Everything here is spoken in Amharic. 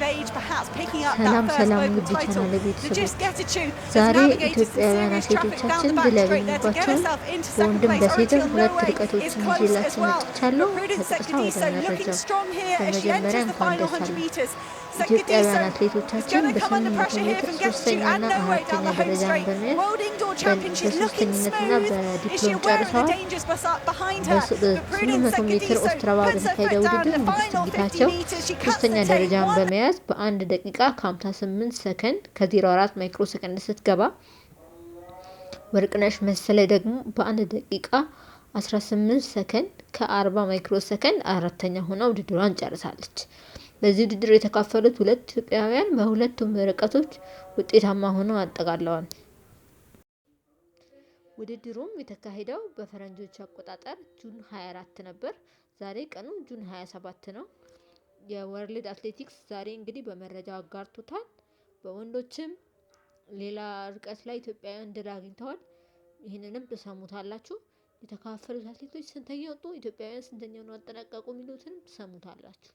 ሰላም ሰላም ውድ ቻናል ቤተሰቦች፣ ዛሬ ኢትዮጵያውያን አትሌቶቻችን ድል ያገኙባቸውን በወንድም በሴትም ሁለት ርቀቶችን ይዤላችሁ መጥቻለሁ። ተጠቅሳ ወደ መረጃው በመጀመሪያ እንኳን ደስ አለን ኢትዮጵያውያን አትሌቶቻችን በስምንት ሜትር ሶስተኛና አራተኛ ደረጃን በመያዝ በሶስተኝነትና በዲፕሎም ጨርሰዋል። በስምንት መቶ ሜትር ኦስትራቫ በተካሄደው ውድድር ንግስት ጌታቸው ሶስተኛ ደረጃን በመያዝ በአንድ ደቂቃ ከ58 ሰከንድ ከ04 ማይክሮ ሰከንድ ስትገባ ወርቅነሽ መሰለ ደግሞ በአንድ ደቂቃ 18 ሰከንድ ከ40 ማይክሮ ሰከንድ አራተኛ ሆና ውድድሯን ጨርሳለች። በዚህ ውድድር የተካፈሉት ሁለት ኢትዮጵያውያን በሁለቱም ርቀቶች ውጤታማ ሆነው አጠቃለዋል። ውድድሩም የተካሄደው በፈረንጆች አቆጣጠር ጁን 24 ነበር። ዛሬ ቀኑ ጁን 27 ነው። የወርልድ አትሌቲክስ ዛሬ እንግዲህ በመረጃ አጋርቶታል። በወንዶችም ሌላ ርቀት ላይ ኢትዮጵያውያን ድል አግኝተዋል። ይህንንም ትሰሙታላችሁ። የተካፈሉት አትሌቶች ስንተኛ ወጡ፣ ኢትዮጵያውያን ነው አጠናቀቁ የሚሉትንም ትሰሙታላችሁ።